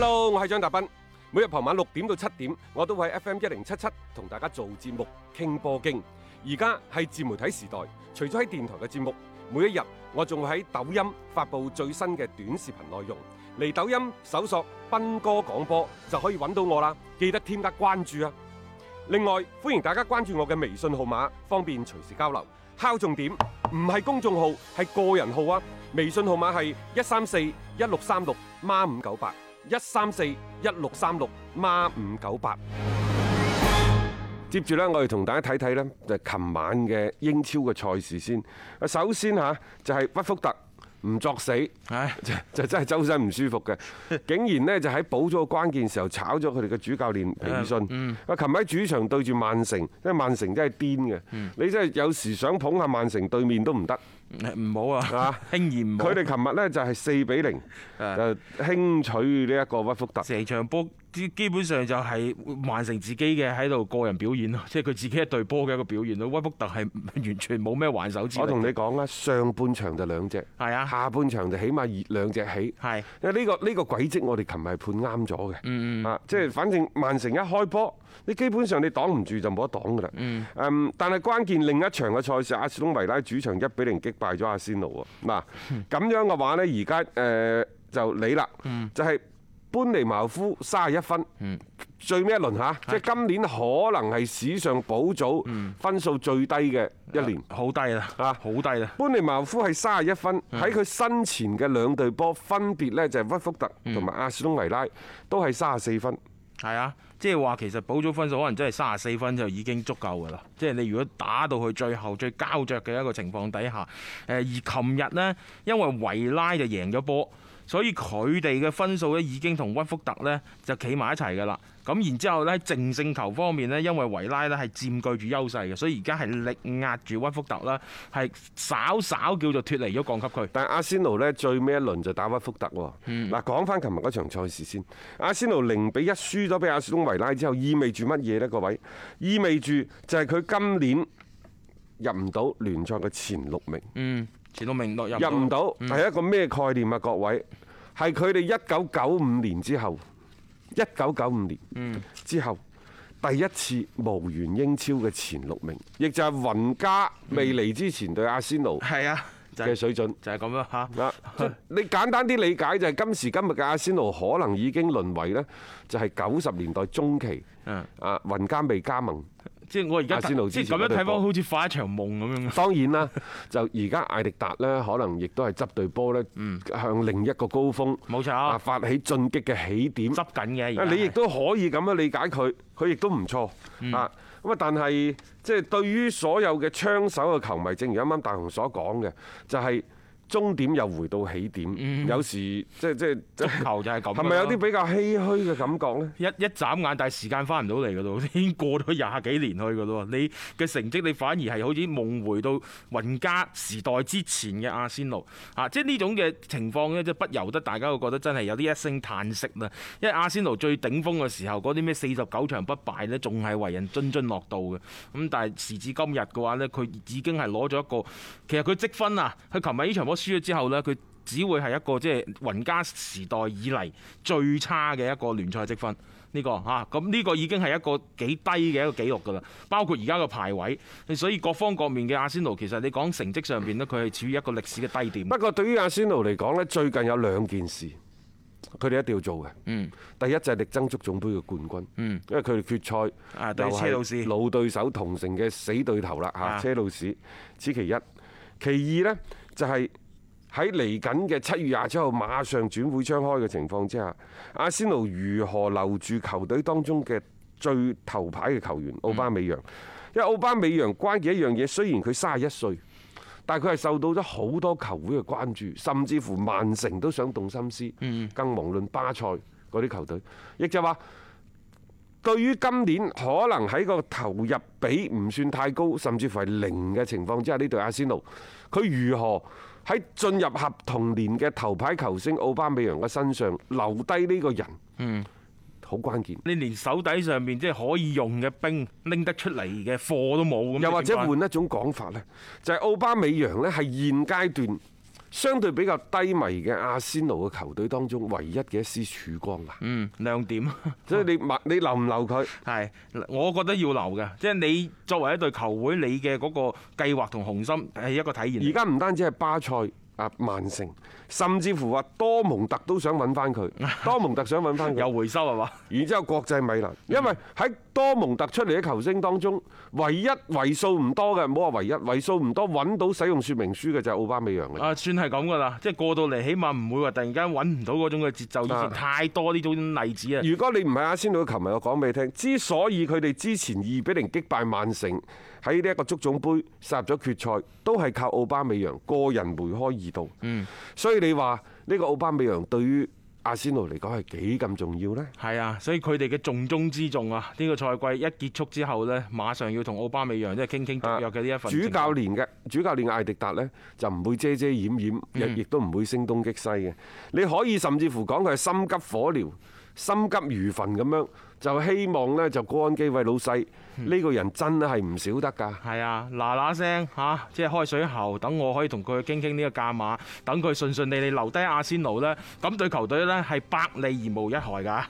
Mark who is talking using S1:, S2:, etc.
S1: hello，我係張達斌。每日傍晚六點到七點，我都會喺 F M 一零七七同大家做節目傾波經。而家係自媒體時代，除咗喺電台嘅節目，每一日我仲會喺抖音發布最新嘅短視頻內容。嚟抖音搜索斌哥廣播就可以揾到我啦。記得添加關注啊！另外歡迎大家關注我嘅微信號碼，方便隨時交流。敲重點，唔係公眾號，係個人號啊！微信號碼係一三四一六三六孖五九八。一三四一六三六孖五九八，接住呢，我哋同大家睇睇呢，就係琴晚嘅英超嘅賽事先。首先吓就係屈福特。唔作死，就真係周身唔舒服嘅。竟然呢，就喺保級關鍵時候炒咗佢哋嘅主教練皮爾遜。啊，琴日喺主場對住曼城，即係曼城真係癲嘅。你真係有時想捧下曼城對面都唔得，唔好啊，輕而唔好。佢哋琴日呢，就係四比零，就輕取呢一個屈福特。基本上就係曼城自己嘅喺度個人表演咯，即係佢自己一對波嘅一個表現咯。屈福特係完全冇咩還手之力。我同你講啦，上半場就兩隻，係啊，下半場就起碼二兩隻起。係是的、這個，因為呢個呢個軌跡我哋琴日判啱咗嘅，的嗯嗯啊，即係反正曼城一開波，你基本上你擋唔住就冇得擋噶啦。嗯，嗯，但係關鍵另一場嘅賽事，阿士東維拉主場一比零擊敗咗阿仙奴喎。嗱，咁樣嘅話呢，而家誒就你啦，就係、是。班尼茅夫三十一分，最尾一輪吓？的即係今年可能係史上保組分數最低嘅一年，好低啦，啊，好低啦！班尼茅夫係三十一分，喺佢身前嘅兩隊波，分別呢，就係屈福特同埋阿斯頓維拉，都係三十四分。係啊，即係話其實保組分數可能真係三十
S2: 四分就已經足夠噶啦。即係你如果打到佢最後最膠着嘅一個情況底下，誒，而琴日呢，因為維拉就贏咗波。所以佢哋嘅分數咧已經同屈福特呢就企埋一齊嘅啦。咁然之後呢，淨勝球方面呢，因為維拉呢係佔據住優勢嘅，所以而家係力壓住屈福特啦，係稍
S1: 稍叫做脫離咗降級區。但係阿仙奴呢，最尾一輪就打屈福特喎。嗱，講翻琴日嗰場賽事先，阿仙奴零比一輸咗俾阿斯東維拉之後，意味住乜嘢呢？各位意味住就係佢今年入唔到聯賽嘅前六名。嗯。前六名入唔到，係、嗯、一個咩概念啊？各位，係佢哋一九九五年之後，一九九五年之後第一次無緣英超嘅前六名，亦就係雲加未嚟之前對阿仙奴嘅水準，嗯啊、就係、是、咁、就是、樣嚇。嗱，啊就是、你簡單啲理解就係今時今日嘅阿仙奴可能已經淪為呢，就係九十年代中期啊雲加未加盟。
S2: 即係我而家，即係咁樣睇翻，
S1: 好似發一場夢咁樣。當然啦，就而家艾迪達呢，可能亦都係執對波呢，向另一個高峰，冇錯啊，發起進擊嘅起點在在。執緊嘅你亦都可以咁樣理解佢，佢亦都唔錯啊。咁啊，但係即係對於所有嘅槍手嘅球迷，正如啱啱大雄所講嘅，就係、是。終點又回到起點，嗯、有時即即、就是就是、足球就係咁。係咪有啲比較唏噓嘅感覺呢？一一眨眼，但係時間翻唔到嚟㗎喇，已經過
S2: 咗廿幾年去噶啦喎！你嘅成績，你反而係好似夢回到雲加時代之前嘅阿仙奴啊！即係呢種嘅情況呢，即不由得大家會覺得真係有啲一聲嘆息啦。因為阿仙奴最頂峰嘅時候，嗰啲咩四十九場不敗呢，仲係為人津津樂道嘅。咁但係時至今日嘅話呢，佢已經係攞咗一個，其實佢積分啊，佢琴日呢場波。輸咗之後呢，佢只會係一個即係雲加時代以嚟最差嘅一個聯賽積分呢個嚇，咁呢個已經係一個幾低嘅一個紀錄噶啦。包括而家個排位，所以各方各面嘅阿仙奴，其實你講成績上邊呢，
S1: 佢係處於一個歷史嘅低點。不過對於阿仙奴嚟講呢，最近有兩件事佢哋一定要做嘅。嗯，第一就係力爭足總杯嘅冠軍。嗯，因為佢哋決賽又係老對手同城嘅死對頭啦嚇，車路士，車路士此其一。其二呢，就係。喺嚟緊嘅七月廿七號，馬上轉會窗開嘅情況之下，阿仙奴如何留住球隊當中嘅最頭牌嘅球員奧巴美揚？因為奧巴美揚關鍵一樣嘢，雖然佢三十一歲，但佢係受到咗好多球會嘅關注，甚至乎曼城都想動心思，更遑論巴塞嗰啲球隊。亦就話，對於今年可能喺個投入比唔算太高，甚至乎係零嘅情況之下，呢隊阿仙奴佢如何？喺進入合同年嘅頭牌球星奧巴梅揚嘅身上留低呢個人，嗯，好關鍵。
S2: 你連手底上面即係可以用嘅兵
S1: 拎得出嚟嘅貨都冇，又或者換一種講法呢就係奧巴梅揚呢係現階段，相對比較低迷嘅阿仙奴嘅球隊當中，唯一嘅一絲曙光啊！嗯，亮點啊！ 所以你你留唔留佢？係，我覺得要留嘅，即係你作為一隊球會，你嘅嗰個計劃同雄心係一個體現。而家唔單止係巴塞、啊，曼城，甚至乎話多蒙特都想揾翻佢，多蒙特想揾翻佢。有 回收係嘛？ 然之後國際米蘭，因為喺多蒙特出嚟嘅球星當中，唯一為數唔多嘅，唔好話唯一為數唔多揾到使用說明書嘅就係奧巴美揚
S2: 啊，算係咁噶啦，即係過到嚟，起碼唔會話突然間揾唔到嗰種嘅節奏，以前太多呢種例子啊。如
S1: 果你唔係阿仙奴，琴、啊、日我講俾你聽，之所以佢哋之前二比零擊敗曼城，喺呢一個足總杯殺入咗決賽，都係靠奧巴美揚個人梅開二度。嗯，所以你話呢、呢個奧巴美揚對於阿仙奴嚟講係幾咁重要呢？
S2: 係啊，所以佢哋嘅重中之重啊！呢個賽季一結束之後呢，馬上要同奧巴美揚即係傾傾續約嘅呢一份主。主教
S1: 練嘅主教練艾迪達呢，就唔會遮遮掩掩，亦都唔會聲東擊西嘅。你可以甚至乎講佢係心急火燎。心急如焚咁樣，就希望呢，就公安機位老細呢、嗯、個人真係唔少得㗎。
S2: 係啊，嗱嗱聲嚇，即係開水喉，等我可以同佢傾傾呢個價碼，等佢順順利利留低阿仙奴呢。咁對球隊呢，係百利而無一害㗎。